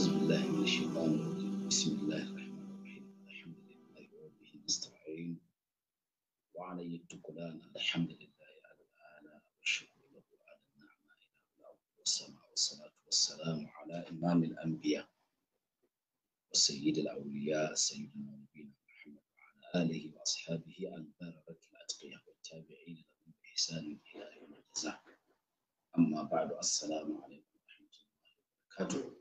أعوذ بالله من الشيطان الرجيم بسم الله الرحمن الرحيم الحمد لله وبه نستعين وعليه التكلان الحمد لله على الآلاء والشكر له على النعمة إلى الأرض والسماء والصلاة والسلام على إمام الأنبياء وسيد الأولياء سيدنا نبينا محمد وعلى آله وأصحابه البررة الأتقياء والتابعين لهم بإحسان إلى يوم الجزاء أما بعد السلام عليكم ورحمة الله وبركاته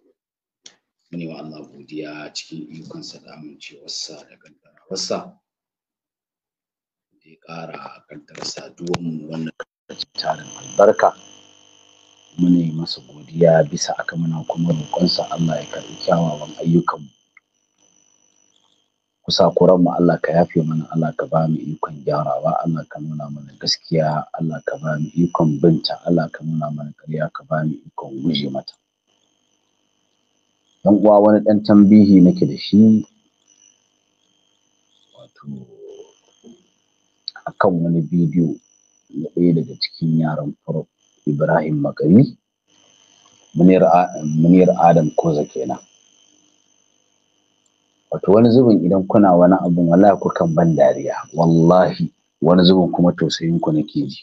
muni wa Allah godiya cikin ikonsa da amincewarsa da kaddarawarsa zai ƙara kaddara saduwar mu wannan tarin albarka muni masa godiya bisa aka muna kuma roƙonsa Allah ya karɓi kyawawan ayyukan mu kusa kuran mu Allah ka yafe mana Allah ka ba mu ikon gyarawa Allah ka nuna mana gaskiya Allah ka ba mu ikon binta Allah ka nuna mana ƙarya ka ba mu ikon guje mata yan uwa wani ɗan tambihi nake da shi wato akan wani bidiyo na ɗaya daga cikin yaran Prof Ibrahim Makari Munir Munir Adam Koza kenan wato wani zubin idan kuna wani abun wallahi kukan ban dariya wallahi wani zubin kuma tausayin ku nake ji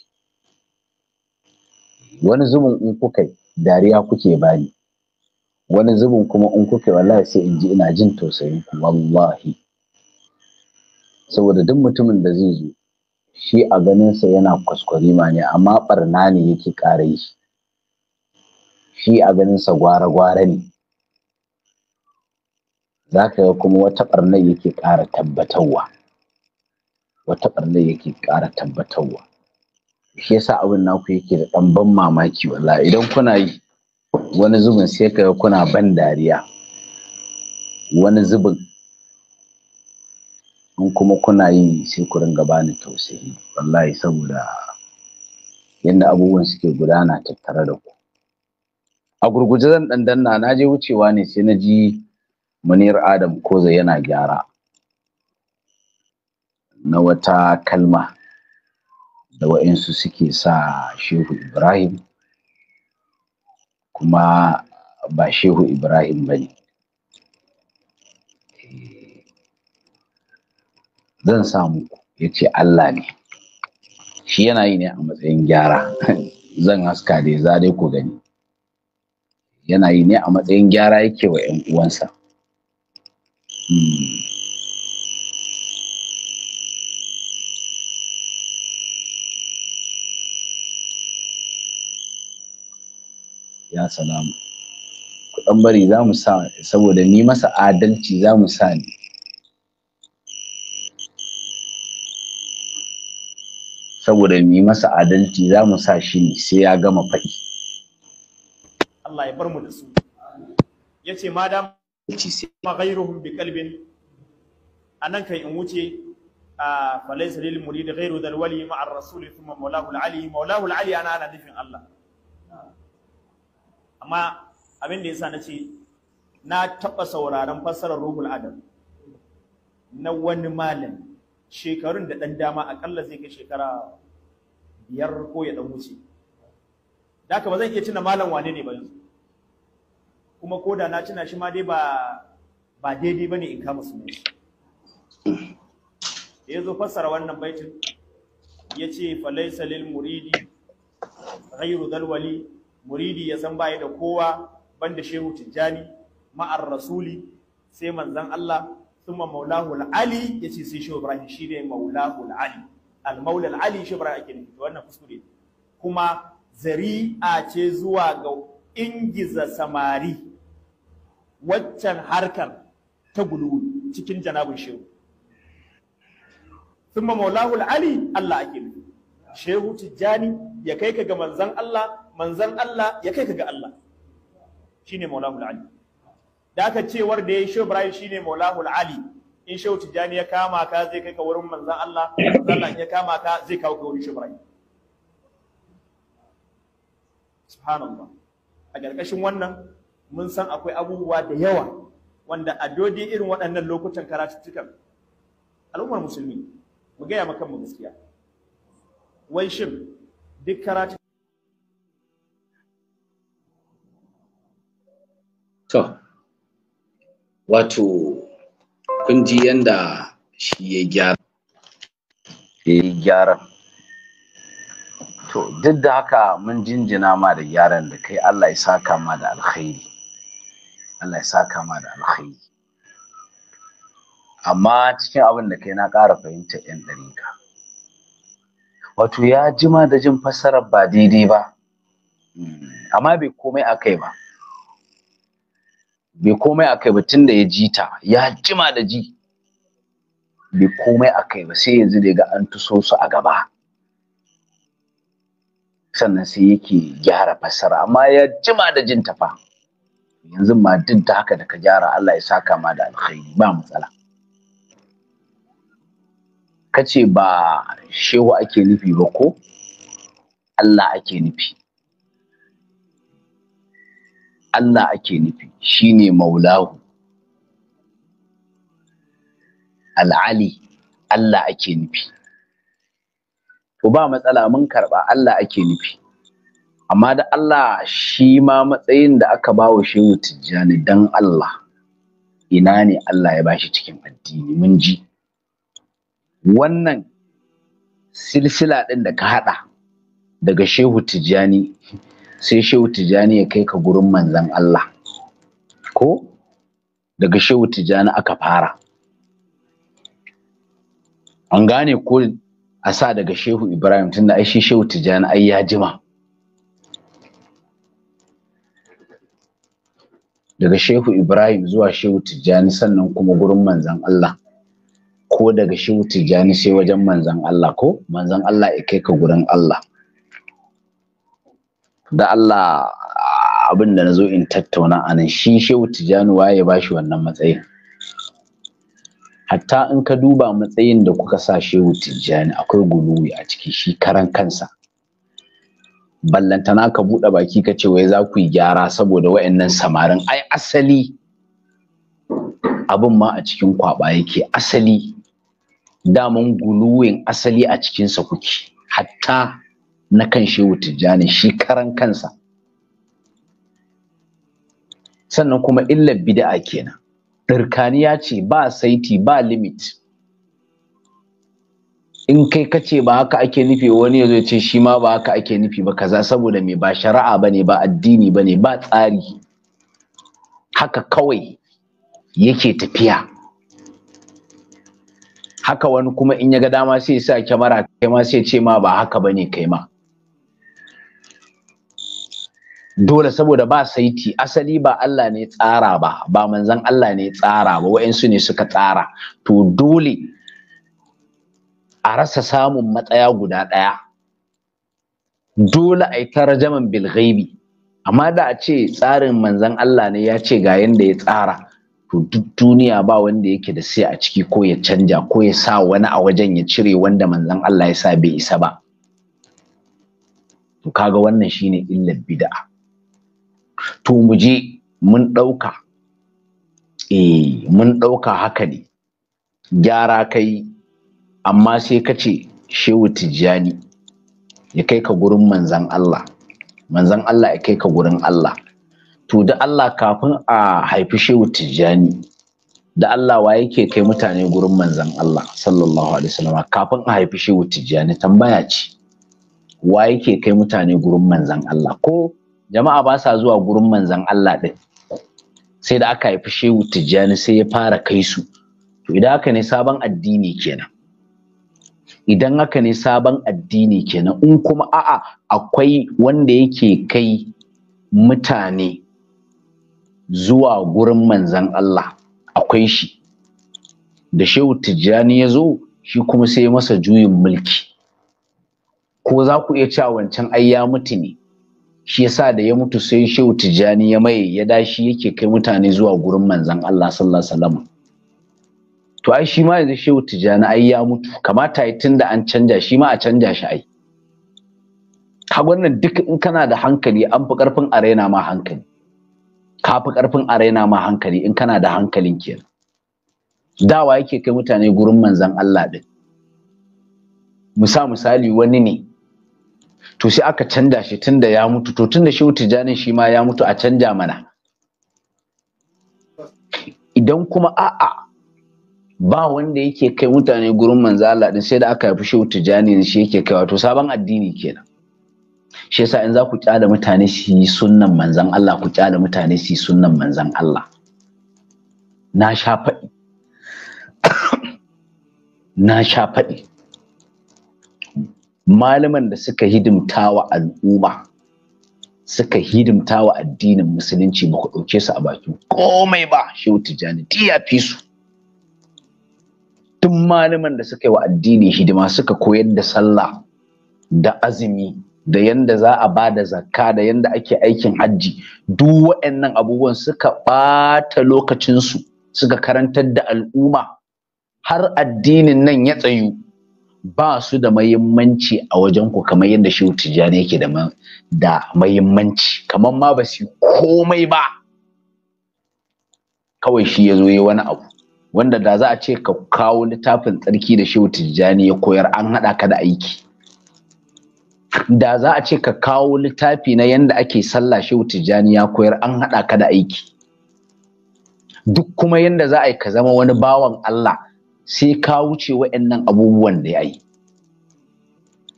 wani zubin in kuka dariya kuke bani wani zubin kuma in kuke wallahi sai in ji ina jin tausayin ku wallahi saboda duk mutumin da zai zo shi a ganinsa yana ma ne amma barna ne yake ƙara shi shi a ganinsa gwara-gwara ne za ka ga kuma wata ɓarnar yake ƙara tabbatarwa wata ɓarnar yake ƙara tabbatarwa shi yasa abin naku yake da ɗan ban mamaki wallahi idan kuna yi wani zubin sai ka kuna ban dariya wani zubin in kuma kuna yi sai ku ringa bani tausayi wallahi saboda yadda abubuwan suke gudana tattare da ku a gurguje zan dan danna na je wucewa ne sai na ji munir adam koza yana gyara na wata kalma da wa'insu suke sa shehu ibrahim kuma ba shehu ibrahim ba ne eh, zan samu ya ce allah ne shi yana yi ne a matsayin gyara zan haska dai za dai ku gani yana yi ne a matsayin gyara yake wa 'yan uwansa hmm. salamu ku dan bari za mu sa saboda ni masa adalci za mu sa ni saboda ni masa adalci za mu sa shi ne sai ya gama faɗi. Allah ya bar mu da su. Ya ce ma da ma ghairuhum bi qalbin anan kai in wuce a falaysa lil murid ghairu dal wali ma ar rasul thumma mawlahu al ali mawlahu al ali ana ana nufin Allah. amma abin da yasa nace na taɓa sauraron fassarar ruhul adam na wani malam shekarun da ɗan dama akalla zai kai shekara biyar ko ya dan wuce da ba zan iya tuna malam wane ne ba yanzu kuma ko da na tuna shi ma dai ba ba daidai ba ne in kama su ne da ya zo fassara wannan baitin ya ce falaisa lil muridi dal wali muridi ya san baya da kowa banda shehu tijjani ma'ar rasuli sai manzan Allah thumma maulahu al-ali ce sai shehu ibrahim ne maulahu al-ali al-maula al-ali shehu ibrahim ake nufi wannan kuskure kuma zari'a ce zuwa ga ingiza samari waccan harkar ta gulu cikin janabin shehu thumma maulahu al-ali Allah ake nufi shehu tijjani ya kai ka ga manzan Allah manzan Allah ya kai ka ga Allah ne maulahul ali da aka war da yayi shehu shi ne maulahul ali in shehu jani ya kama ka zai kai ka wurin manzan Allah manzan Allah ya kama ka zai kawo ka wurin shehu subhanallah a ƙarƙashin wannan mun san akwai abubuwa da yawa wanda a dodi irin waɗannan lokutan karatuttukan al'ummar musulmi mu gaya maka mu gaskiya wai shin duk karatu To, wato kun ji yanda shi ya gyara. Ya yi gyaran. To, duk da haka mun jinjina ma da gyaran da kai Allah ya saka ma da alkhairi. Allah ya saka ma da alkhairi. Amma cikin abin da kai na ƙara fahimta ɗari ka. Wato ya jima da jin fassarar ba daidai ba, hmm, amma bai komai a kai ba. bai komai akai ba tun da ya ji ta ya jima da ji bai komai akai ba sai yanzu da ga an tuso su a gaba sannan sai yake gyara fasara amma ya jima da jin ta fa yanzu ma duk da haka da ka gyara Allah ya saka ma da alkhairi ba matsala kace ba shehu ake nufi ba ko Allah ake nufi Allah ake nufi shine maulahu al'ali Allah ake nufi to ba matsala mun karba Allah ake nufi amma da Allah shi ma matsayin da aka bawa shehu tijjani dan Allah ina ne Allah ya bashi cikin addini mun ji wannan silsila ɗin da ka haɗa daga shehu tijjani sai shehu tijani ya kai ka gurin manzan Allah ko daga shehu tijani aka fara an gane ko a sa daga shehu ibrahim tunda ai shi shehu tijani ai ya jima daga shehu ibrahim zuwa shehu tijjani sannan kuma gurin manzan Allah ko daga shehu tijjani sai wajen manzan Allah ko manzan Allah ya kai ka gurin Allah da Allah abin da na zo in tattauna a nan shi shehu tijjani waye ba shi wannan matsayin hatta in ka duba matsayin da kuka sa shehu tijjani akwai guluwi a ciki shi karan kansa ballantana ka buɗe baki ka ce wai za ku yi gyara saboda wa'annan samarin ai asali abin ma a cikin kwaba yake asali daman guluwin asali a cikinsa kuke hatta na kan shehu tijjani shi karan kansa sannan kuma illar bid'a kenan dirkaniya ce ba saiti ba limit in kai kace ba haka ake nufi wani ya zo ce shi ma ba haka ake nufi ba kaza saboda me ba shari'a bane ba addini bane ba tsari haka kawai yake tafiya haka wani kuma in ya ga dama sai ya sa kyamara kai ma sai ce ma ba haka bane kai ma dole saboda ba saiti asali ba Allah ne tsara ba ba manzan Allah ne tsara ba wa'insu ne suka tsara to dole a rasa samun matsaya guda ɗaya dole a yi tarjaman bilghaibi amma da a ce tsarin manzan Allah ne ya ce ga yanda ya tsara to duk duniya ba wanda yake da sai a ciki ko ya canja ko ya sa wani a wajen ya cire wanda manzan Allah ya sa bai isa ba to kaga wannan shine illar bid'a to mu je mun ɗauka e mun ɗauka haka ne gyara kai amma sai ka ce shehu tijjani ya kai ka gurin manzan Allah manzan Allah ya kai ka gurin Allah to da Allah kafin a haifi shehu tijjani da Allah wa yake kai mutane gurin manzan Allah sallallahu alaihi wasallam kafin a haifi shehu tijjani tambaya ce wa yake kai mutane gurin manzan Allah ko jama'a ba sa zuwa gurin manzan Allah din sai da aka haifi shehu tijjani sai ya fara kai su to idan haka ne sabon addini kenan idan haka ne sabon addini kenan in kuma a'a akwai wanda yake kai mutane zuwa gurin manzan Allah akwai shi da shehu tijjani ya zo shi kuma sai masa juyin mulki ko za ku iya cewa wancan ai ya mutu ne shi yasa da ya mutu sai shehu tijjani ya mai ya dashi yake kai mutane zuwa gurin manzan Allah sallallahu alaihi to ai shi ma yanzu shehu tijjani ai ya mutu kamata ya tunda an canja shi ma a canja shi ai ka wannan duk in kana da hankali an fi karfin arena ma hankali ka fi karfin arena ma hankali in kana da hankalin kenan dawa yake kai mutane gurin manzan Allah din sa misali wani ne to sai aka canja shi tunda ya mutu to tunda shi tijjani shi ma ya mutu a canja mana idan kuma a'a ba wanda yake kai mutane gurin manzo Allah din sai da aka haifi tijani ne shi yake kaiwa, to sabon addini kenan shi yasa in za ku kyala mutane su yi sunnan manzan Allah ku kyala mutane su yi sunnan manzan Allah na sha faɗi na sha faɗi malaman da suka hidimta wa al'umma suka hidimta wa addinin musulunci ba ku ɗauke su a bakin komai ba shehu tijjani ya fi su tun malaman da suka yi wa addini hidima suka koyar da sallah da azumi da yanda za a ba da zakka da yanda ake aikin hajji duk waɗannan abubuwan suka ɓata lokacinsu suka karantar da al'umma har addinin nan ya tsayu ba su da mahimmanci a wajen ku kamar yadda shehu tijjani yake da da mahimmanci kamar ma ba su komai ba kawai shi ya zo yi wani abu wanda da za a ce ka kawo littafin tsarki da shehu tijjani ya koyar an haɗa ka da aiki da za a ce ka kawo littafi na yadda ake sallah shehu tijjani ya koyar an haɗa ka da aiki duk kuma yadda za a yi ka zama wani bawan Allah sai ka wuce wa'annan abubuwan da yayi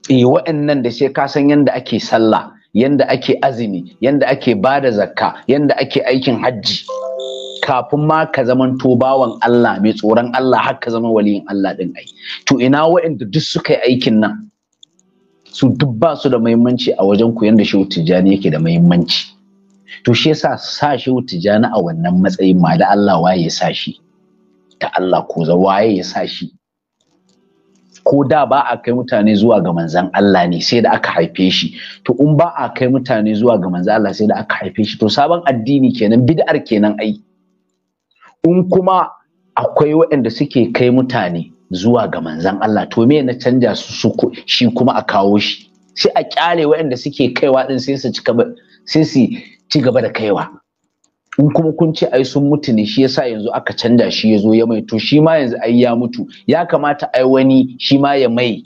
eh wa'annan da sai ka san yanda ake sallah yanda ake azumi yanda ake bada zakka yanda ake aikin hajji kafin ma ka zaman to bawan Allah mai tsoron Allah har ka zama waliyin Allah din ai to ina wa'anda duk suka yi aikin nan su duk ba su da muhimmanci a wajen ku yanda shehu tijjani yake da muhimmanci to shi yasa sa shehu tijjani a wannan matsayin ma da Allah waye sa shi ta Allah ko za waye ya sa shi ko da ba a kai mutane zuwa ga manzan Allah ne sai da aka haife shi to in ba a kai mutane zuwa ga manzan Allah sai da aka haife shi to sabon addini kenan bid'ar kenan ai in kuma akwai waɗanda suke kai mutane zuwa ga manzan Allah to me na canja su shi kuma a kawo shi sai a kyale waɗanda suke kaiwa din sai su cika sai su ci gaba da kaiwa in kuma kun ce ai sun mutu ne shi yasa yanzu aka canza shi ya zo ya mai to shi ma yanzu ai ya mutu ya kamata ai wani shi ma ya mai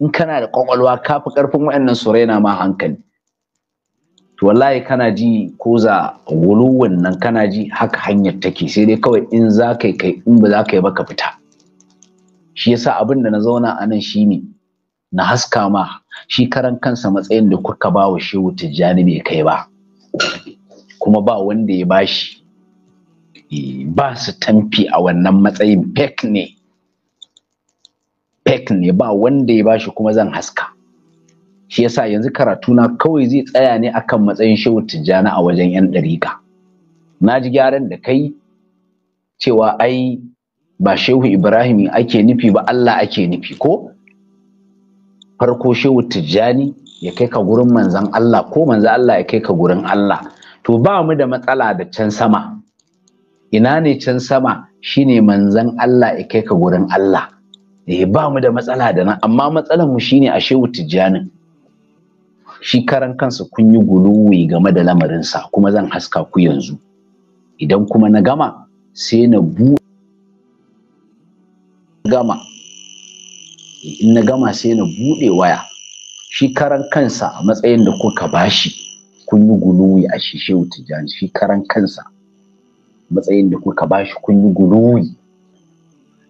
in kana da kwakwalwa ka fi karfin waɗannan su raina ma hankali to wallahi kana ji ko za guluwan nan kana ji haka hanyar take sai dai kawai in za ka kai in ba za ka yi ba ka fita shi yasa abin da na zauna a nan shine na haska ma shi karan kansa matsayin da kuka ba wa shehu tijjani bai kai ba kuma ba wanda ya bashi eh, ba su tamfi a wannan matsayin fake ne fake ne ba wanda ya bashi kuma zan haska shi yasa yanzu karatu na kawai zai tsaya ne akan matsayin shehu tijjani a wajen yan ɗariƙa na ji gyaran da kai cewa ai ba shehu ibrahim ake nufi ba allah ake nufi ko farko shehu tijjani ya kai ka gurin manzan allah ko manzan allah ya kai ka gurin allah to ba mu da matsala da can sama ina ne can sama shine manzan Allah ya kai ka gurin Allah eh ba mu da matsala da nan amma matsalar mu shine a shehu tijjanin shi karan kansa kun yi guluwi game da lamarinsa kuma zan haska ku yanzu idan kuma na gama sai na bu gama in na gama sai na buɗe waya shi karan kansa a matsayin da kuka bashi kun yi guluwi a shishe shehu tijjani shi karan kansa matsayin da kuka bashi kun yi guluwi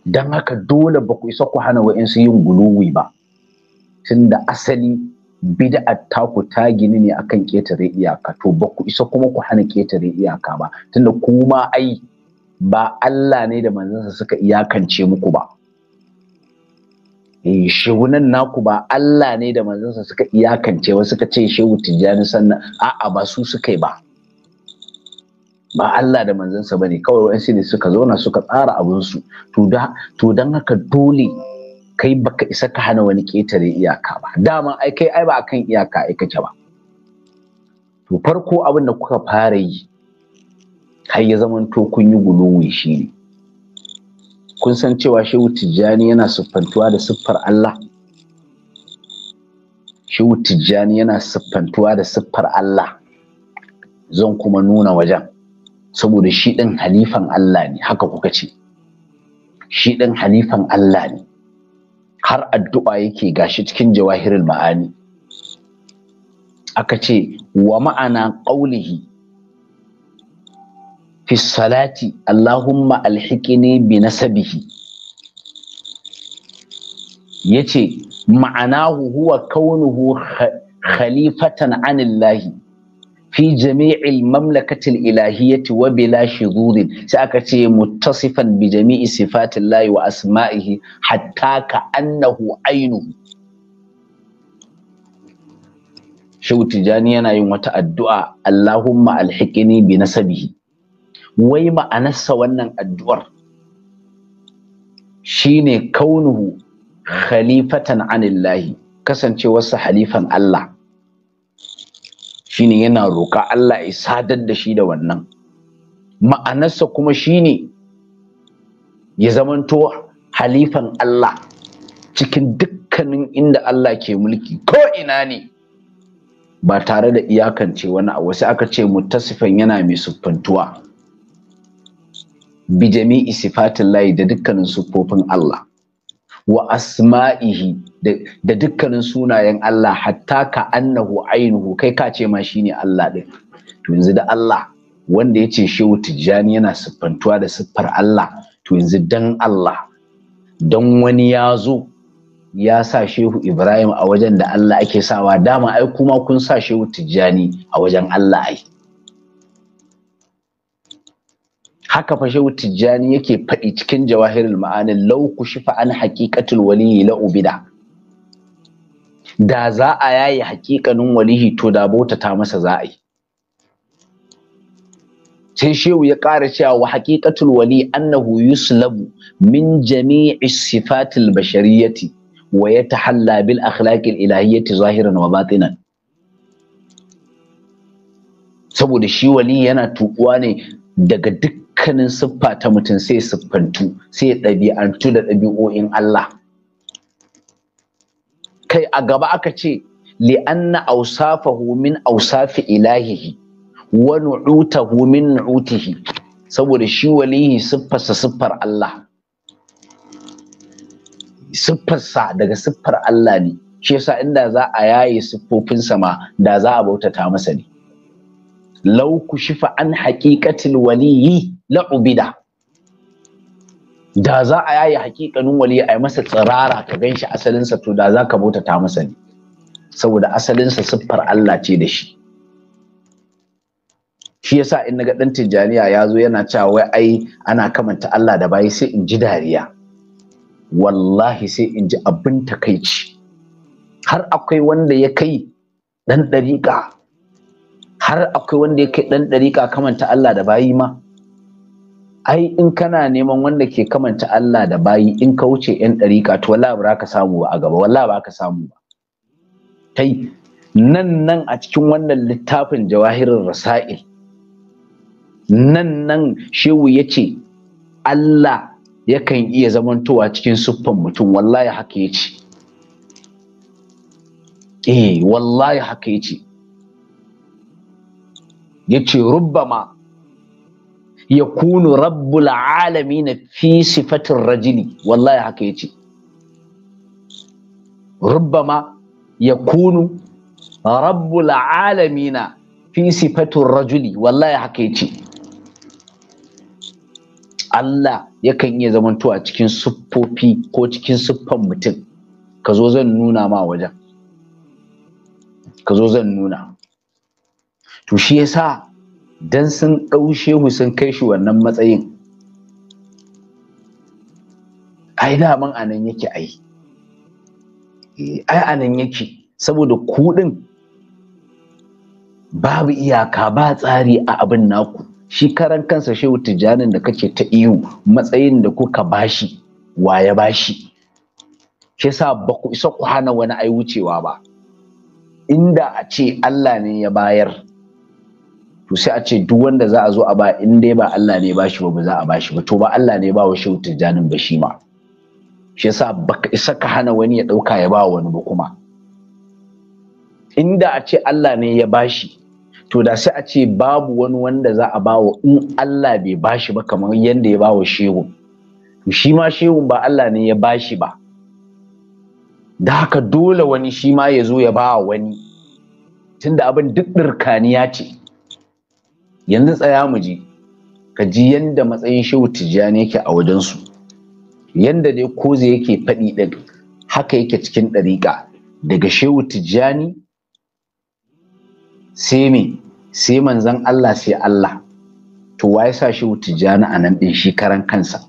don haka dole ba ku isa ku hana wa'insu yin guluwi ba tunda asali bid'a taku ta gini ne akan ƙetare iyaka to ba ku isa kuma ku hana ƙetare iyaka ba tunda kuma ai ba Allah ne da manzansa suka iyakance muku ba Eh, shehunan naku ba Allah ne da manzansa suka iyakance wa suka ce shehu tijjani sannan a'a ba su suka yi ba ba Allah da manzansa bane kawai wa'ansu ne suka zauna suka tsara abinsu to da to dan haka dole kai baka isa ka hana wani ketare iyaka ba dama ai kai ai ba kan iyaka ai kake ba to farko abin da kuka fara yi har ya zamanto kun yi guluwi ne. kun san cewa shehu tijjani yana siffantuwa da siffar Allah shehu tijjani yana siffantuwa da siffar Allah zan kuma nuna wajen saboda shi ɗin halifan Allah ne haka kuka ce shi ɗin halifan Allah ne har addu'a yake gashi cikin jawahirul ma'ani aka ce wa ma'ana ƙaulihi fi salati Allahumma alhikini bi nasabihi yace ma'anahu huwa kaunuhu khalifatan anillahi fi jami'il mamlakatil Ilahiyati wa bila shuzurin sai aka ce muttasifan bi jami'i sifatillahi wa asma'ihi hatta ka annahu ainu Shehu Tijjani yana yin wata addu'a Allahumma alhikini bi nasabihi wai ma'anarsa wannan addu'ar shi ne kaunuhu khalifatan anillahi kasancewarsa halifan Allah Shi ne yana roƙa Allah ya sadar da shi da wannan ma'anarsa kuma shi ne ya zamanto halifan Allah cikin dukkanin inda Allah ke mulki ko ina ne ba tare da iyakance wani a wasu aka ce mutasifan yana mai siffantuwa bi jami'i layi da dukkanin siffofin Allah wa asma'ihi da dukkanin sunayen Allah hatta ka annahu ainuhu kai ka ce ma shine Allah ɗin. to yanzu da Allah wanda ya ce shehu tijjani yana siffantuwa da siffar Allah to yanzu dan Allah don wani ya zo ya sa shehu ibrahim a wajen da Allah ake sawa dama ai kuma kun sa shehu tijjani a wajen Allah ai haka fa shehu tijjani yake faɗi cikin jawahirul ma'anin lau ku shifa an haqiqatul waliyi la ubida da za a yayi haƙiƙanin walihi to da bauta ta masa za a yi sai shehu ya ƙara cewa wa haƙiƙatul wali annahu yuslabu min jami'i sifatil bashariyati wa yatahalla bil akhlaqil ilahiyati zahiran wa batinan saboda shi wali yana tukuwa ne daga duk dukkanin siffa ta mutum sai siffantu sai ɗabi'antu da ɗabi'o'in Allah kai a gaba aka ce li'anna ausafa min ausafi ilahihi wa nu'utahu min nu'utihi saboda shi walihi siffarsa siffar Allah siffarsa daga siffar Allah ne shi yasa inda za a yaye siffofinsa ma da za a bautata masa ne lau ku shifa an haƙiƙatin waliyi la'ubida da za a yayi hakikanin wali a yi masa tsirara ka ganshi asalinsa to da za ka bautata masa ne saboda asalinsa siffar Allah ce da shi shi yasa in naga dan tijaniya ya zo yana cewa wai ai ana kamanta Allah da bayi sai in ji dariya wallahi sai in ji abin takaici har akwai wanda ya kai dan dariƙa har akwai wanda ya kai dan dariƙa kamanta Allah da bayi ma ai in kana neman wanda ke kamanta Allah da bayi in ka wuce yan ɗariƙa to wallahi ba ka samu ba a gaba wallahi ba ka samu ba kai nan nan a cikin wannan littafin jawahirin rasa'il nan nan shehu ya ce Allah yakan iya zamantowa cikin siffan mutum wallahi haka ya ce eh wallahi haka ya ce ya ce rubbama yakunu rabbul na fi sifatir rajuli wallahi haka yace rubbama yakunu rabbul na fi sifatir rajuli wallahi haka yace Allah yakan iya zamanto a cikin siffofi ko cikin siffan mutum ka zo zan nuna ma wajen ka zo zan nuna to shi yasa don sun ɗau shehu sun kai shi wannan matsayin ai daman a nan yake ai eh, ai a nan yake saboda kuɗin babu iyaka ba tsari a abin naku shi karan kansa shehu tijjanin da kake ta iyo matsayin da kuka bashi wa ya bashi shi sa ba isa ku hana wani ai wucewa ba inda a ce Allah ne ya bayar to sai a ce duk wanda za a zo a ba in dai ba Allah ne ba shi ba za a ba shi ba to ba Allah ne ba wa shehu tijjanin ba shi ma shi yasa baka isa ka hana wani ya dauka ya ba wani ba kuma inda a ce Allah ne ya bashi to da sai a ce babu wani wanda za a bawa in Allah bai bashi ba kamar yadda ya bawa shehu to shi ma shehu ba Allah ne ya bashi ba da haka dole wani shi ma ya zo ya bawa wani tunda abin duk ɗirkaniya ce yanzu tsaya mu ji ka ji yanda matsayin shehu tijjani yake a wajensu yanda dai koze yake faɗi ɗin haka yake cikin ɗariƙa daga shehu tijjani sai me sai manzan Allah sai Allah to wa sa shehu tijjani a nan ɗin shi karan kansa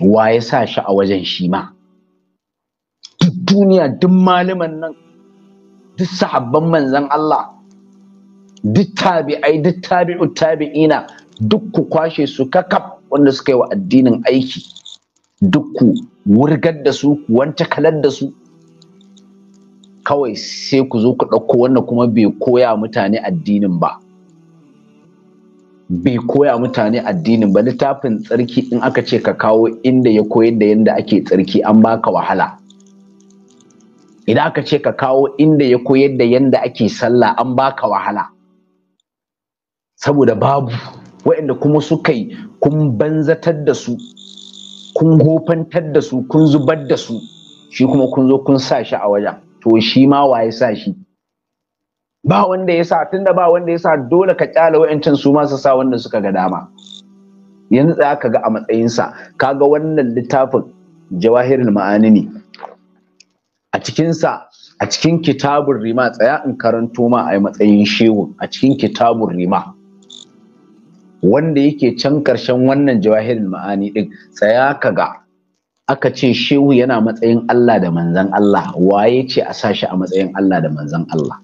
wa sa shi a wajen shi ma duk duniya duk malaman nan duk sahabban manzan Allah duk tabi'ai duk tabi'u tabi'ina duk ku kwashe su kakaf wanda suka yi wa addinin aiki duk ku wurgar da su ku wanta kalar da su kawai sai ku zo ku ɗauko wannan kuma bai koya mutane addinin ba bai koya mutane addinin ba littafin tsarki in aka ce ka kawo inda ya koyar da yadda ake tsarki an baka wahala idan aka ce ka kawo inda ya koyar da yadda ake sallah an baka wahala saboda babu waɗanda kuma suka yi kun banzatar da su kun gofantar da su kun zubar da su shi kuma kun zo kun sa shi a wajen to shi ma ya sa shi ba wanda ya sa tunda ba wanda ya sa dole ka kyale wa'ancan su ma sa wanda suka ga dama yanzu za ka ga a matsayinsa ka ga wannan littafin "Jawahirin ma'ani ne a cikinsa a cikin kitabun rima tsaya in karanto ma a matsayin shehu a cikin kitabun rima wanda yake can karshen wannan jawahirin ma'ani din tsaya kaga aka ce shehu yana matsayin Allah da manzan Allah waye ce a sashi a matsayin Allah da manzan Allah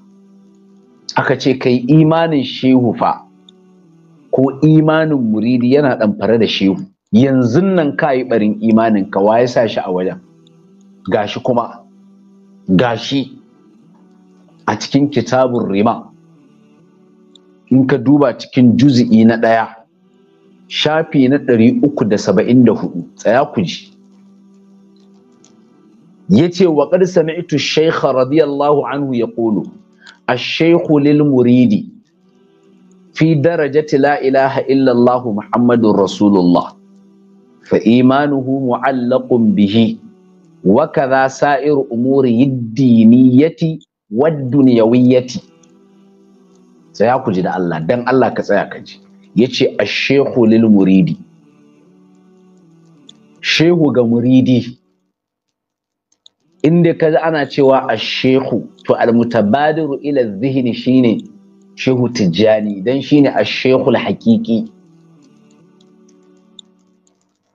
aka ce kai imanin shehu fa ko imanin muridi yana ɗamfare da shehu yanzu nan ka yi ɓarin imanin ka waye sa shi a wajen gashi kuma gashi a cikin kitabun rima in ka duba cikin juzi'i na ɗaya shafi na ɗari uku da saba'in da hudu tsaya ku ji ya ce wa ƙar sami'tu shaikha radiyallahu anhu ya ƙolo a shaikhu lil muridi fi darajati la ilaha illallahu muhammadun rasulullah fa imanuhu mu'allaqun bihi wa kaza sa'iru umuri diniyyati wad tsaya ku ji da Allah dan Allah ka tsaya ka ji yace ashehu shaykhu lil muridi shehu ga muridi inda ka ana cewa ashehu to al-mutabadiru ila dhihni shine shehu tijjani dan shine ash-shaykhu al-haqiqi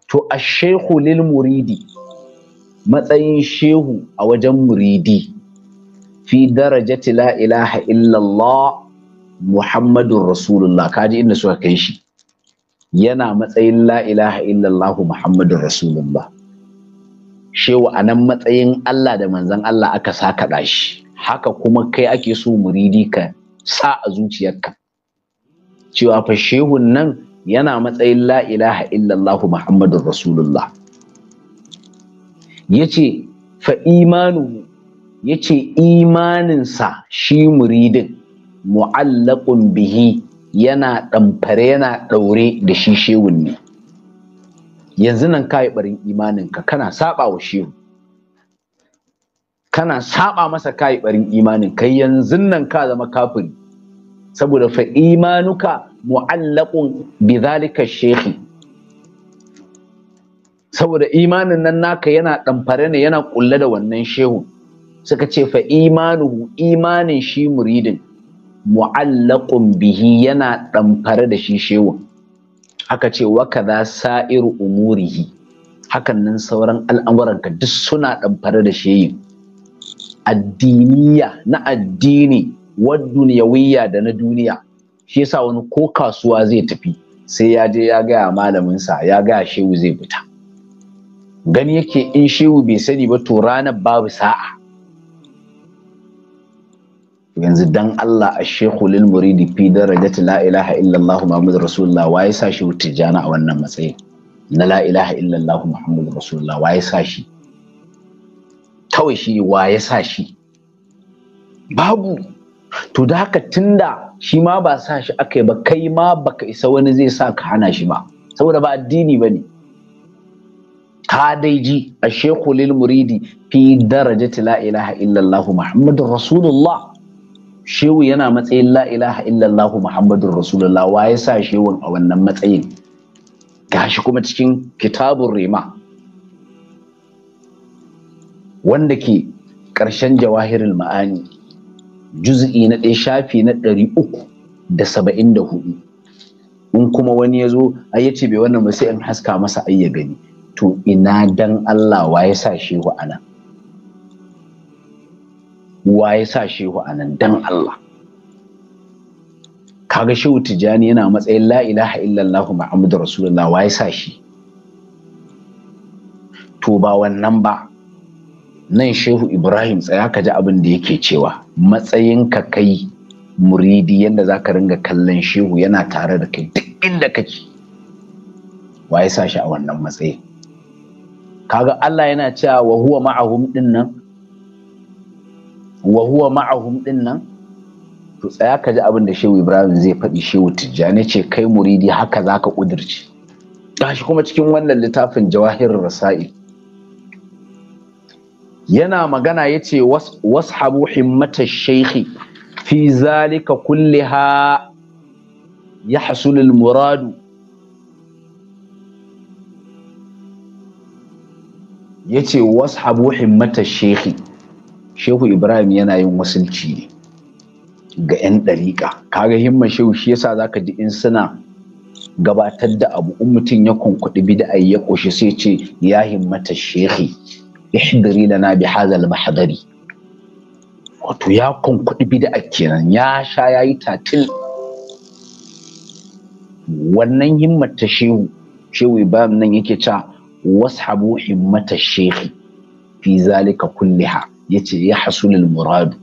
to ashehu lil muridi matsayin shehu a wajen muridi fi darajati la ilaha illallah Muhammadun Rasulullah kaji inda suka kai shi yana matsayin la ilaha illallah Muhammadun Rasulullah shewa a nan matsayin Allah da manzan Allah aka sakaɗa shi haka kuma kai ake so muridi ka sa a zuciyarka cewa fa shehun nan yana matsayin la ilaha illallah Muhammadun Rasulullah ce fa imanu ce imaninsa shi muridin mu'allaqun bihi yana ɗamfare yana ɗaure da shi shewun ne yanzu nan ka barin imaninka kana saba wa shehu kana saba masa ka barin imanin imaninka yanzu nan ka zama kafiri saboda fa imanuka mu'allaqun bi zalika shekhi saboda imanin nan naka yana ɗamfare ne yana ƙulle da wannan shehu suka ce fa imanuhu imanin shi muridin mu'allaqun bihi yana ɗamfare da shi shewun aka ce wa kaza sa'iru umurihi hakan nan sauran al'amuranka duk suna ɗamfare da shi addiniya na addini duniyawiyya da na duniya shi yasa wani ko kasuwa zai tafi sai ya je ya gaya malaminsa ya gaya shehu zai fita gani yake in shehu bai sani ba to ranar babu sa'a yanzu dan Allah a shekhu lil muridi fi darajati la ilaha illallah muhammadu rasulullah waye sa shi tijjana a wannan matsayin na la ilaha illallah muhammadu rasulullah waye sa shi kawai shi waye sa shi babu to da haka tunda shi ma ba sa shi aka yi ba kai ma baka isa wani zai sa ka hana shi ba saboda ba addini ba ne ka dai ji a shekhu lil muridi fi darajati la ilaha illallah muhammadu rasulullah shehu yana matsayin la ilaha illallah muhammadun rasulullah wa ya sa shehun a wannan matsayin gashi kuma cikin kitabun rima wanda ke karshen jawahirul ma'ani juz'i na ɗaya shafi na ɗari uku da saba'in da hudu in kuma wani ya zo a ya ce bai wannan ba sai in haska masa ayya gani to ina dan Allah wa ya sa shehu a nan wa ya sa shehu a nan dan Allah kaga shehu tijjani yana matsayin la ilaha illallah muhammadu rasulullah wa ya sa shi to ba wannan ba nan shehu ibrahim tsaya ka ji abin da yake cewa matsayin ka kai muridi yadda za ka ringa kallon shehu yana tare da kai duk inda kake wa ya sa shi a wannan matsayin kaga Allah yana cewa wa huwa ma'ahum din nan wa huwa ma'ahum din nan to tsaya ka ji abin da shehu ibrahim zai faɗi shehu tijjani ce kai muridi haka za ka ƙudurci gashi kuma cikin wannan littafin jawahir rasa'i yana magana ya ce washabu himmata shaikhi fi zalika kulliha ya hasulul muradu ya ce washabu himmata shaikhi shehu ibrahim yana yin wasulci ne ga 'yan ɗariƙa kaga himma shehu shi yasa zaka ji in suna gabatar da abu in mutum ya kunkuɗi bida'ai ya ƙoshi sai ce ya himmata shehi ihdiri lana bi hazal mahdari wato ya kunkuɗi bida'a kenan ya sha ya tatil wannan himmata shehu shehu ibrahim nan yake ca washabu himmata shehi fi zalika kulliha yace ya hasulul muradu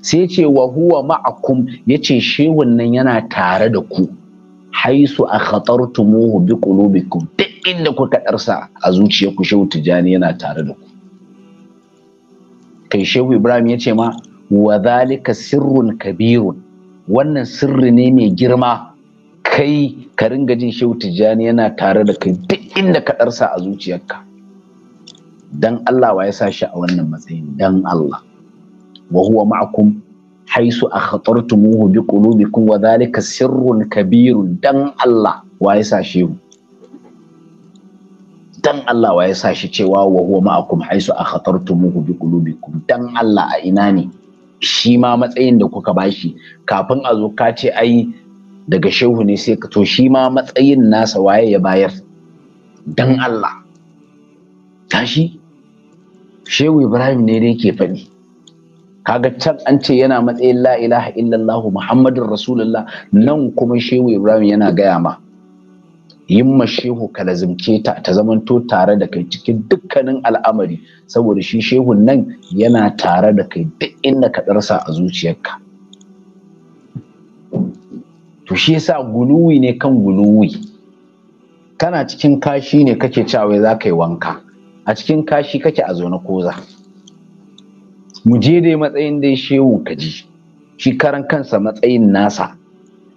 sai ce wa huwa ma'akum yace shi nan yana tare da ku haisu a muhu bi qulubikum duk inda kuka darsa a ku shehu tijani yana tare da ku kai shehu ibrahim yace ma wa zalika sirrun kabirun wannan sirri ne mai girma kai ka ringa jin shehu tijani yana tare da kai duk inda ka darsa a zuciyarka dan Allah wa ya sa shi a wannan matsayin dan Allah wa huwa ma'akum haisu akhtartumuhu bi qulubikum wa dhalika sirrun kabirun dan Allah wa ya sa shi dan Allah wa ya sa shi cewa wa huwa ma'akum haisu akhtartumuhu bi qulubikum dan Allah a ina ne shi ma matsayin da kuka bashi kafin a zo ka ce ai daga shehu ne sai ka to shi ma matsayin nasa waye ya bayar dan Allah tashi shehu ibrahim ne dai ke faɗi kaga can an ce yana matsayin la ilaha illallah muhammadun rasulullah nan kuma shehu ibrahim yana gaya ma yin shehu ka lazimce ta ta zamanto tare da kai cikin dukkanin al'amari saboda shi Shehu nan yana tare da kai duk inda ka darsa a zuciyarka to shi yasa guluwi ne kan guluwi kana cikin kashi ne kake cewa za ka yi wanka a cikin kashi kake a zaune koza mu je dai matsayin dai shehu kaji shi karan kansa matsayin nasa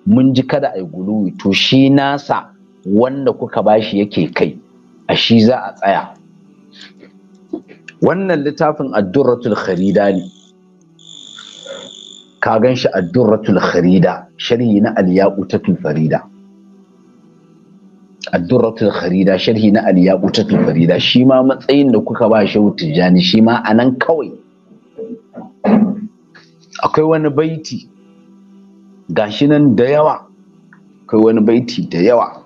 mun ji kada a yi guluwi to shi nasa wanda kuka bashi yake kai a shi za a tsaya wannan littafin addurratul kharida ne ka gan shi addurratul kharida sharhi na aliyaku ta farida addurratul kharida sharhi na al-yaqutatul farida shi ma matsayin da kuka ba shi wutujani shi ma anan kawai akwai wani baiti gashi nan da yawa akwai wani baiti da yawa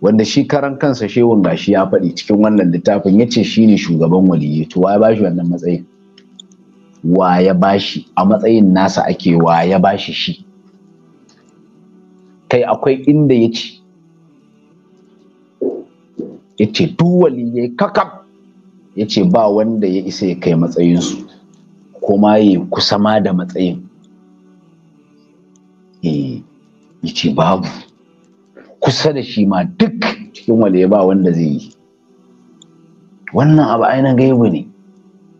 wanda shi karan kansa shehun gashi ya faɗi cikin wannan littafin ya ce shi ne shugaban waliyyi to wa ba shi wannan matsayin wa ya bashi a matsayin nasa ake wa ya bashi shi kai akwai inda ya ce yace ya yi kakab yace ba wanda ya isa ya kai matsayinsu ma ya kusa ma da matsayin eh, ya ce babu kusa da shi ma duk cikin wale ba wanda zai yi wannan abu ainihin gaibu ne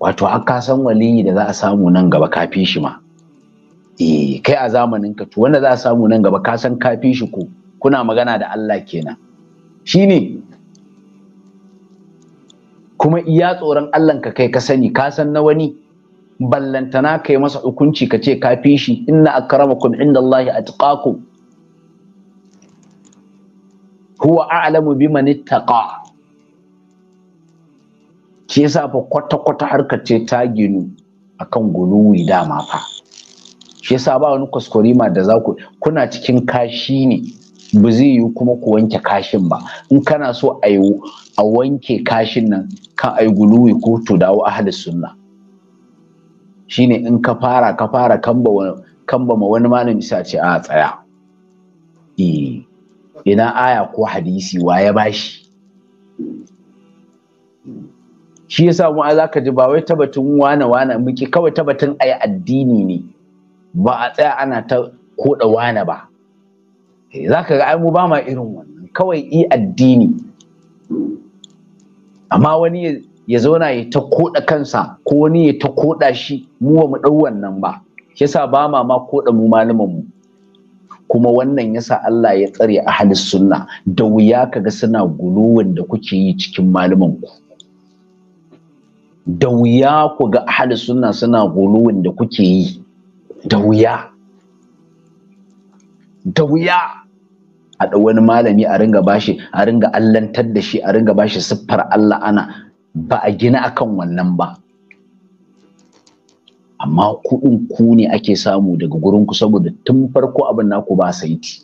wato a kasan waliyi da za a samu nan gaba kafi shi ma eh kai a zamanin ka to wanda za a samu nan gaba kasan kafi shi ko kuna magana da Allah kenan shine kuma iya tsoron Allah ka kai ka sani ka san na wani ballantana kai masa hukunci ka ce ka fi shi inna akramakum indallahi atqakum huwa a'lamu biman ittaqa ke yasa fa kwata kwata harkar ce ta ginu akan guluwi dama fa shi yasa ba wani ma da za ku kuna cikin kashi ne ba zai yi kuma ku wanke kashin ba in kana so a yi a wanke kashin nan kan a yi guluwi ko to dawo ahli sunna shine in ka fara ka fara kamba ba ma wani malami isa ce a tsaya eh ina aya ko hadisi wa ya bashi shi yasa mu a zaka ji ba wai tabbatun wane wane muke kawai tabbatun ayi addini ne ba a tsaya ana ta koda wane ba Eh, za ka ga ai mu ba ma irin wannan kawai i addini amma wani ya zauna ya ta koda kansa ko wani ya ta koda shi mu ba mu ɗau wannan ba shi yasa ba ma ma koda mu malaman mu kuma wannan yasa Allah ya tsare ahli sunna da wuya kaga suna guluwin da kuke yi cikin malaman ku da wuya ku ga ahli sunna suna guluwin da kuke yi da wuya da wuya a da wani malami a ringa bashi a ringa allantar da shi a ringa bashi siffar Allah ana ba a gina akan wannan ba amma kuɗin ku ne ake samu daga gurin ku saboda tun farko abin naku ba saiti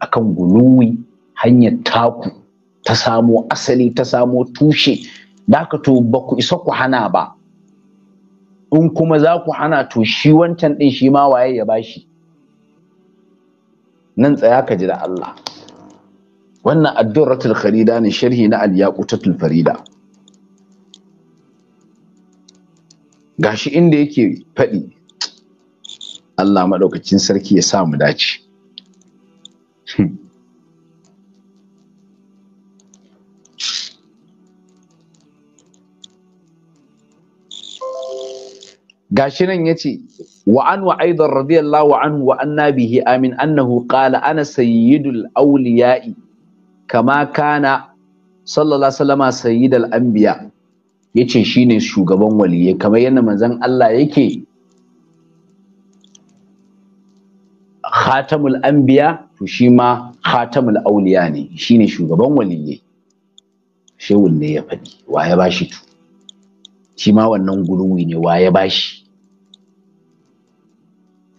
akan guluwi hanyar taku ta samo asali ta samo tushe da ka to ba ku isa ku hana ba in kuma za ku hana to shi wancan ɗin shi ma waye ya bashi nan tsaya ka ji da Allah wannan addurratul kharida ne sharhi na al-yaqutatul farida gashi inda yake faɗi Allah maɗaukacin sarki ya sa mu dace hmm. gashi nan yace wa an wa aidan radiyallahu anhu wa anna bihi amin annahu qala ana sayyidul awliya'i kama kana sallallahu alaihi wasallam sayyidul anbiya yace shine shugaban waliye kamar yadda manzon Allah yake khatamul anbiya to shi ma khatamul auliya ne shine shugaban waliye. shehun ne ya faɗi wa ya bashi tu shi ma wannan gurwi ne wa ya bashi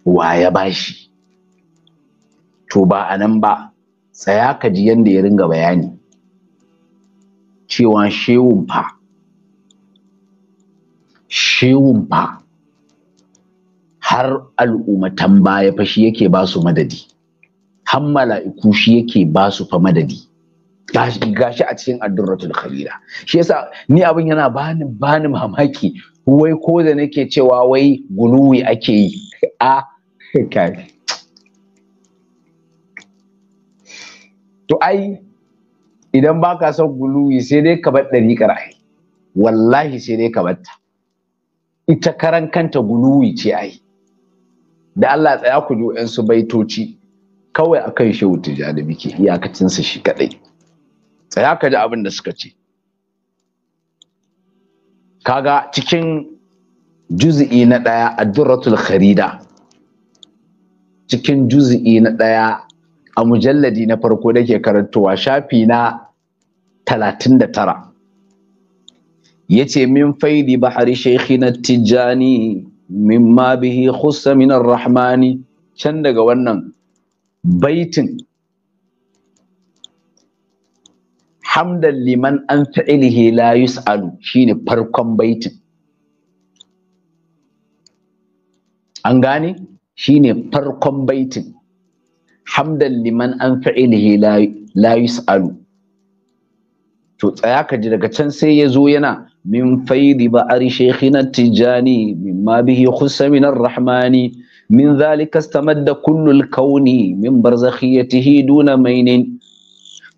wa ya bashi to ba a nan ba tsaya ka ji yadda ya ringa bayani cewa shewun fa shewun fa har al'umatan baya fa shi yake ba su madadi har mala'iku shi yake ba su fa madadi gashi a cikin addurratul khalila shi yasa ni abin yana bani bani mamaki wai ko da nake cewa wai guluwi ake yi a to ai idan baka son guluwi sai dai ka bar dari karai. wallahi sai dai ka bar ta ita karan kanta guluwi ce ai da Allah tsaya ku ji ƴan su baitoci kawai akan shehu da muke iyakacin sa shi kadai tsaya ka ji abin da suka ce kaga cikin juz'i na ɗaya a addurratul kharida cikin juzi'i na ɗaya a mujalladi na farko da ke karantowa shafi na talatin da tara ya ce min faidi bahari na tijjani min ma bihi khussa min rahmani can daga wannan baitin hamdan liman an fi'ilihi la yus'alu shine farkon baitin an gane shine farkon baitin hamdan liman an fa'ilihi la yus'alu to tsaya ka ji daga can sai ya zo yana min faidi ba'ari shekhina tijani ma bihi khusami rahmani min zalika stamadda kullul kauni min barzakhiyatihi duna mainin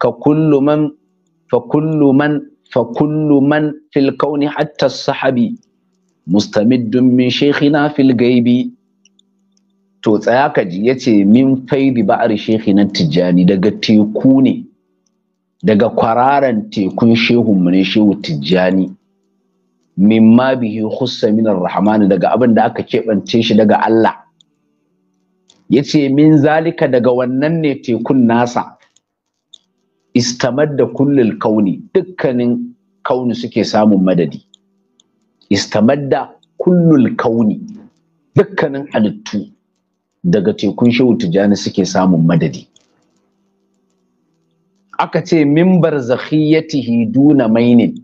ka kullu man fa kullu man fa kullu man fil kauni hatta sahabi mustamiddun min shekhina fil gaibi to tsaya ka ji ya ce min faidi ba'ar shehi na tijjani daga teku ne daga kwararan tekun shehunmu ne shehu tijjani min ma bihi hussa minar rahmani daga abin da aka keɓance shi daga Allah ya ce min zalika daga wannan ne tekun nasa istamadda da kullul kauni dukkanin kauni suke samun madadi istamadda da kullul kauni dukkanin halittu daga tekun shehu tijjani suke samun madadi aka ce min barzakhiyatihi duna mainin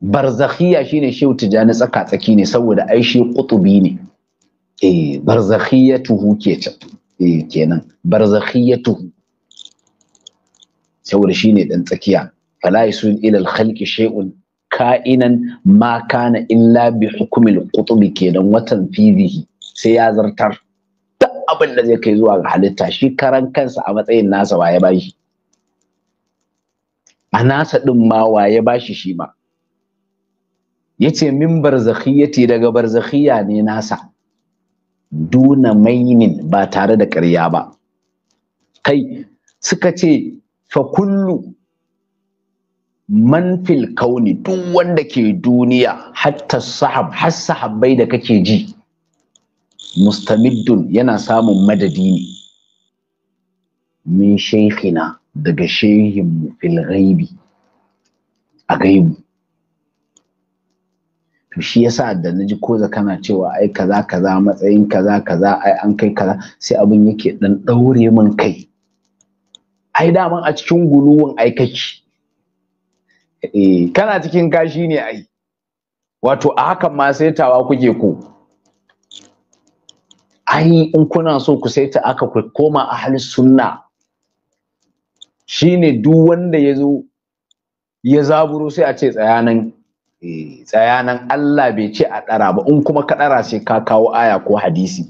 barzakhiya shine shehu tijjani tsaka tsaki ne saboda ai shi qutubi ne eh barzakhiyatuhu ke ta eh kenan barzakhiyatuhu saboda shine dan tsakiya fala yasun ila al-khalqi shay'un ka'inan ma kana illa bi hukmi kenan watan fihi sai ya zartar duk abin da zai kai zuwa ga halitta shi karan kansa a matsayin nasa ba ya bashi? a nasa ɗin ma waye ya shi shi ma yace min barzakhiyati daga barzakhiya ne nasa duna mainin ba tare da ƙarya ba kai suka ce fa kullu man fil kauni duk wanda ke duniya hatta sahab har sahabbai da kake ji mustamiddun yana samun madadi ne min shaykhina daga shehinmu fil ghaibi a gaibu to shi yasa da naji koza kana cewa ai kaza kaza matsayin kaza kaza ai an kai kaza sai abin yake dan daure min kai ai daman a cikin guluwin ai eh kana cikin kashi ne ai wato a hakan ma sai tawa kuke ko ai in kuna so ku saita aka ku koma ahli sunna shine duk wanda yazo ya zaburo sai a ce tsayanan eh, tsayanan Allah bai ce a ɗara ba in kuma ka ɗara sai ka kawo aya ko hadisi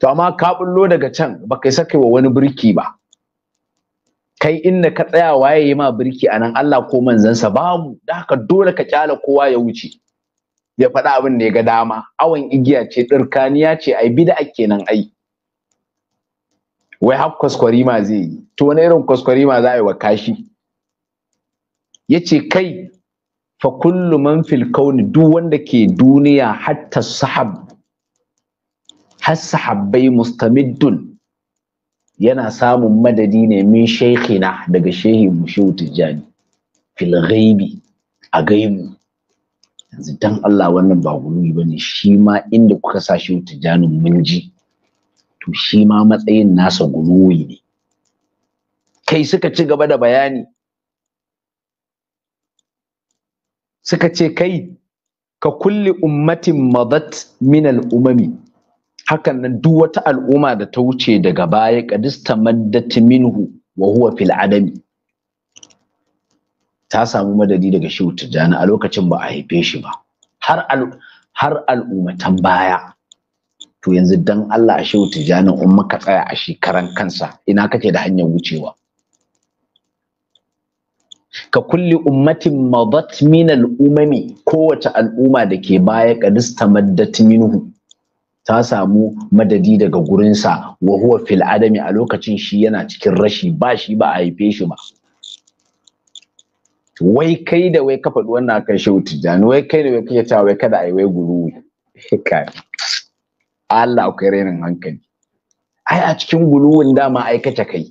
to amma ka bullo daga can ba kai saka wa wani birki ba kai inda ka tsaya waye ma birki anan Allah ko manzansa babu da haka dole ka kyala kowa ya wuce ya faɗa abin da ya ga dama awon igiya ce ɗirkaniya ce ai bida kenan ai wai har kwaskwarima zai yi to wani irin ma za a yi wa kashi ya ce kai fa kullu man fil kauni duk wanda ke duniya hatta sahab har sahabbai mustamiddun yana samun madadi ne min shaikhina daga shehi mushehu tijjani fil ghaibi a gaimu yanzu dan Allah wannan ba gurbi bane shi ma inda kuka sa shi tijanin mun ji to shi ma matsayin nasa gurbi ne kai suka ci gaba da bayani suka ce kai ka kulli ummatin madat min al-umami hakan nan duk wata al'umma da ta wuce daga baya qadista maddat minhu wa huwa fil adami ta samu madadi daga shehu tijjani a lokacin ba a haife shi ba har al al'ummatan baya to yanzu dan Allah a shehu tijjani in muka tsaya a shekaran kansa ina kake da hanyar wucewa ka kulli ummatin madat min al'umami kowace al'umma da ke baya kadista maddat minhu ta samu madadi daga gurinsa wa huwa fil adami a lokacin shi yana cikin rashi ba shi ba a haife shi ba wai kai da wai ka faɗi wannan akan shehu tijjani wai kai da wai kake cewa wai kada a wai guru Allah akwai rainin hankali ai a cikin guluwin dama aikata kai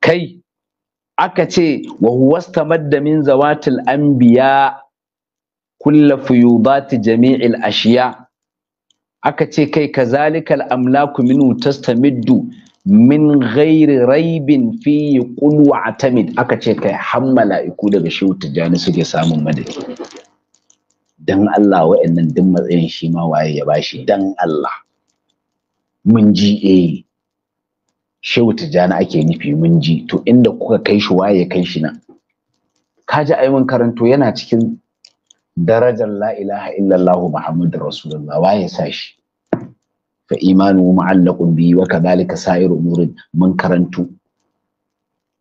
kai aka ce wa huwasta madda min zawatil anbiya kulla fuyudati jami'il ashiya aka ce kai kazalikal amlaku minu tastamiddu min ghairi raibin fi qul atamid aka ce kai har mala'iku daga shehu tijjani suke samun madadi dan Allah wa'annan duk matsayin shi ma waye ya bashi dan Allah mun ji eh shehu tijjani ake nufi mun ji to inda kuka kai shi waye kai shi nan kaji ai mun karanto yana cikin darajar la ilaha illallah muhammadur rasulullah waye sa shi fa imanu mu'allaqun bi wa kadhalika sa'ir umurin mun karantu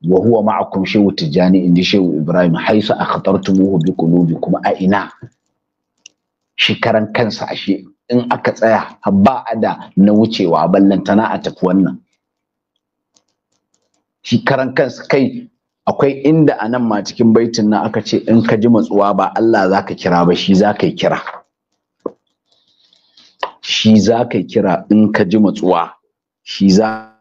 wa huwa shehu tijjani inda shehu ibrahim haisu a akhtartumuhu bi kuma a ina shi karan kansa ashe in aka tsaya ba a da na wucewa ballantana a tafi wannan shi kansa kai akwai inda a nan ma cikin baitin nan aka ce in ka ji matsuwa ba Allah za ka kira ba shi za ka yi kira shi za ka kira in ka ji matsuwa shi za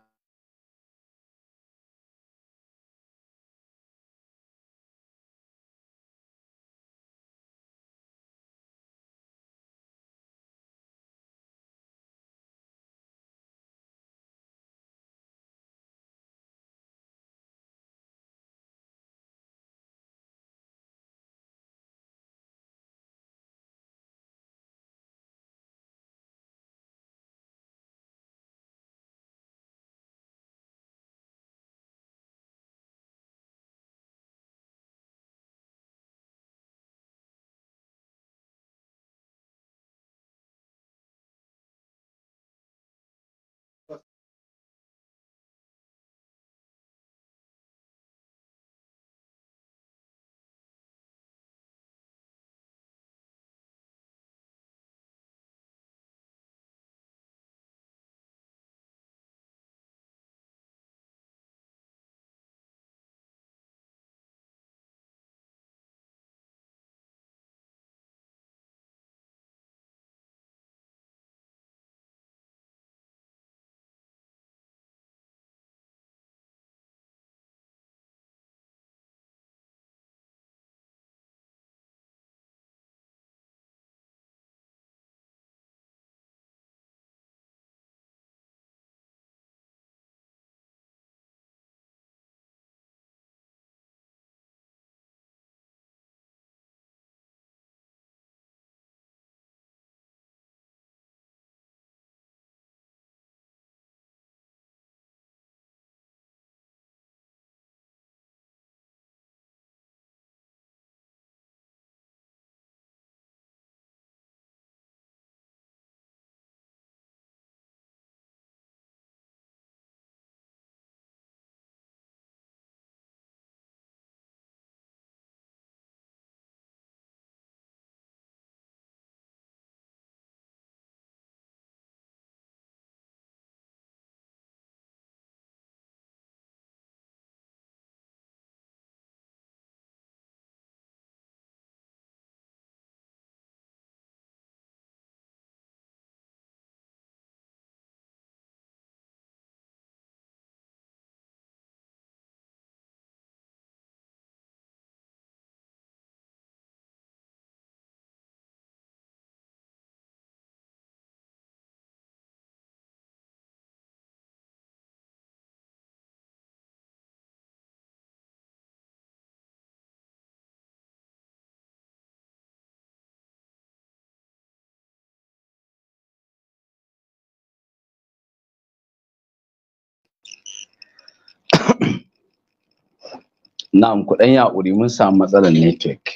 na'am kuɗin yaƙuri mun samu matsalar network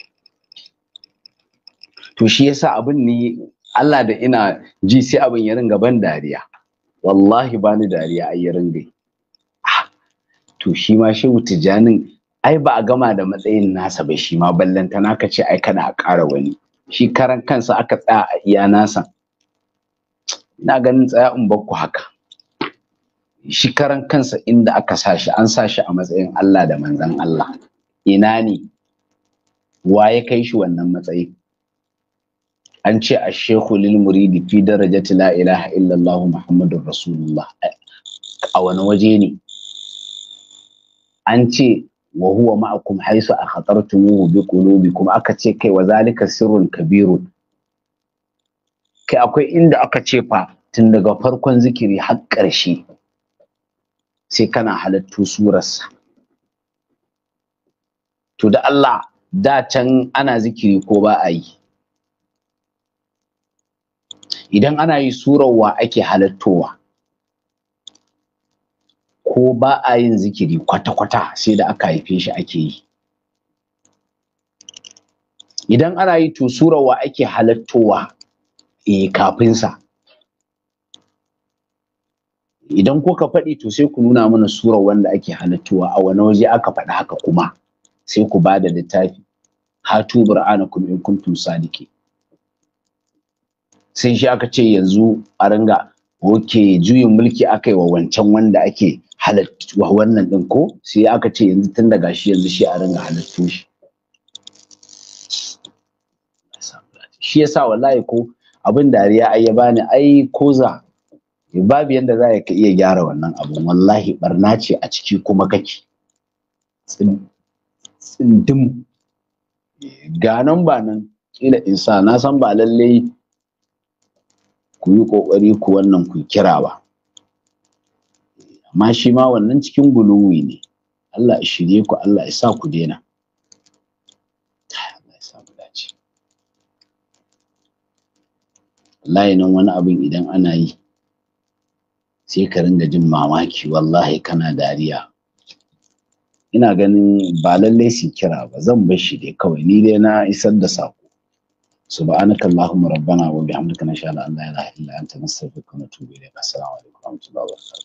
to shi yasa abin ni Allah da ina ji sai abin ya ringa ban dariya wallahi ba ni dariya ai ya ringa ah, to shi ma shehu tijanin ai ba a gama da matsayin nasa ba shi ma ballanta naka ce ai kana ƙara wani shi karan kansa aka tsaya a iya nasa Na ganin tsaya in bakku haka shi karan kansa inda aka sashi an sa a matsayin Allah da manzan Allah ina ne wa ya kai shi wannan matsayi an ce a shehu lil muridi fi darajati la ilaha illallah muhammadur rasulullah a wani waje ne an ce wa huwa ma'akum haisu a khatartumuhu bi kuma aka ce kai wa zalika sirrun kabirun kai akwai inda aka ce fa tun daga farkon zikiri har ƙarshe sai kana halatto surarsa to da Allah da can ana zikiri ko ba a yi idan ana yi surarwa ake halattowa ko ba a yin zikiri kwata-kwata sai da aka haife shi ake yi idan ana yi to surarwa ake halattowa e kafinsa idan ko ka faɗi to sai ku nuna mana surar wanda ake halittuwa a wani waje aka faɗa haka kuma sai ku ba da littafi hatu bur'anakum in kuntum sadiki sai shi aka ce yanzu a ringa oke juyin mulki aka yi wa wancan wanda ake halittuwa wannan din ko sai aka ce yanzu tun daga shi yanzu shi a ringa halittu shi shi yasa wallahi ko abin dariya ai ya bani ai koza babu yadda za ka iya gyara wannan abun wallahi barna ce a ciki kuma kake tsindim ga nan ba nan kila isa na san ba lallai ku yi ƙoƙari ku wannan ku kira ba amma shi ma wannan cikin guluwi ne Allah ya shirye ku Allah ya sa ku daina Allah ya sa ku dace wallahi nan wani abin idan ana yi sai ka ringa jin mamaki wallahi kana dariya ina ganin ba lallai su kira ba zan bar shi dai kawai ni dai na isar da sako subhanaka allahumma rabbana wa bihamdika nashhadu an la ilaha illa anta nastaghfiruka wa natubu ilayk assalamu alaikum wa rahmatullahi wa barakatuh